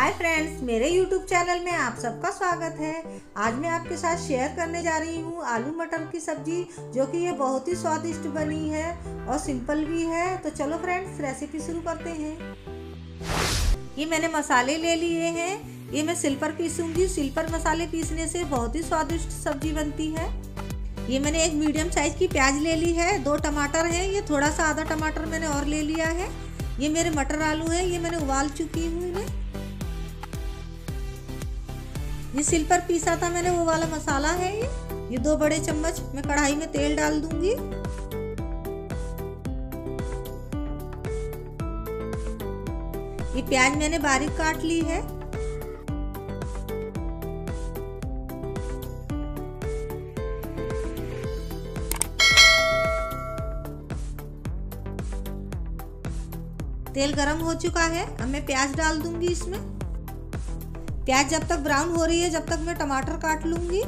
हाय friends मेरे YouTube channel में आप सबका स्वागत है आज मैं आपके साथ शेयर करने जा रही हूँ आलू मटर की सब्जी जो कि ये बहुत ही स्वादिष्ट बनी है और सिंपल भी है तो चलो फ्रेंड्स रेसिपी शुरू करते हैं ये मैंने मसाले ले लिए हैं ये मैं सिल्पर पीसूंगी पीसूँगी मसाले पीसने से बहुत ही स्वादिष्ट सब्जी बनती है ये मैंने एक मीडियम साइज़ की प्याज ले ली है दो टमाटर हैं ये थोड़ा सा आधा टमाटर मैंने और ले लिया है ये मेरे मटर आलू हैं ये मैंने उबाल चुकी हूँ इन्हें ये सिल पर पीसा था मैंने वो वाला मसाला है ये ये दो बड़े चम्मच मैं कढ़ाई में तेल डाल दूंगी ये प्याज मैंने बारीक काट ली है तेल गरम हो चुका है अब मैं प्याज डाल दूंगी इसमें प्याज जब तक ब्राउन हो रही है जब तक मैं टमाटर काट लूंगी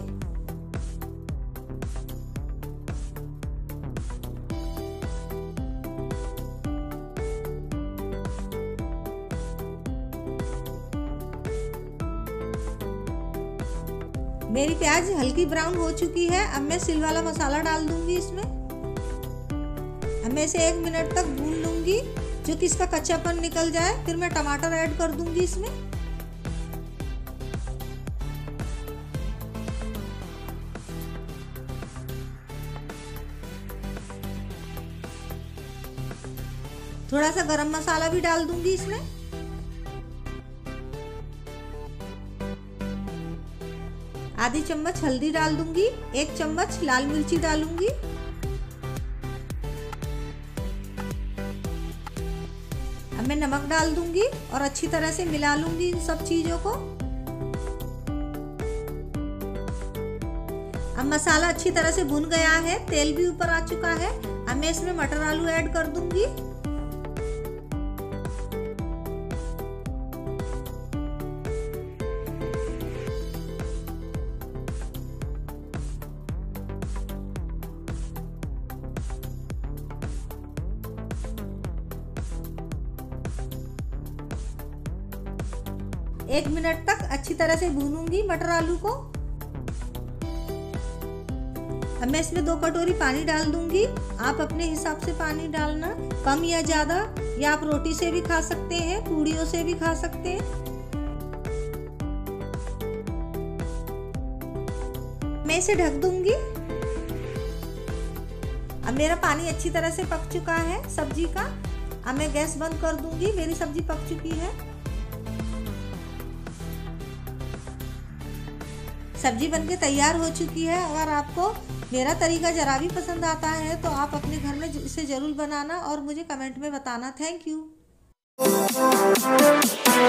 मेरी प्याज हल्की ब्राउन हो चुकी है अब मैं सिल वाला मसाला डाल दूंगी इसमें अब मैं इसे एक मिनट तक भून लूंगी जो कि इसका कच्चापन निकल जाए फिर मैं टमाटर ऐड कर दूंगी इसमें थोड़ा सा गरम मसाला भी डाल दूंगी इसमें आधी चम्मच हल्दी डाल दूंगी एक चम्मच लाल मिर्ची डालूंगी अब मैं नमक डाल दूंगी और अच्छी तरह से मिला लूंगी इन सब चीजों को अब मसाला अच्छी तरह से भुन गया है तेल भी ऊपर आ चुका है अब मैं इसमें मटर आलू ऐड कर दूंगी एक मिनट तक अच्छी तरह से भूनूंगी मटर आलू को अब मैं इसमें दो कटोरी पानी डाल दूंगी आप अपने हिसाब से पानी डालना कम या ज़्यादा या आप रोटी से भी खा सकते हैं पूड़ियों से भी खा सकते हैं मैं इसे ढक दूंगी अब मेरा पानी अच्छी तरह से पक चुका है सब्जी का अब मैं गैस बंद कर दूंगी मेरी सब्जी पक चुकी है सब्जी बनके तैयार हो चुकी है अगर आपको मेरा तरीका ज़रा भी पसंद आता है तो आप अपने घर में इसे ज़रूर बनाना और मुझे कमेंट में बताना थैंक यू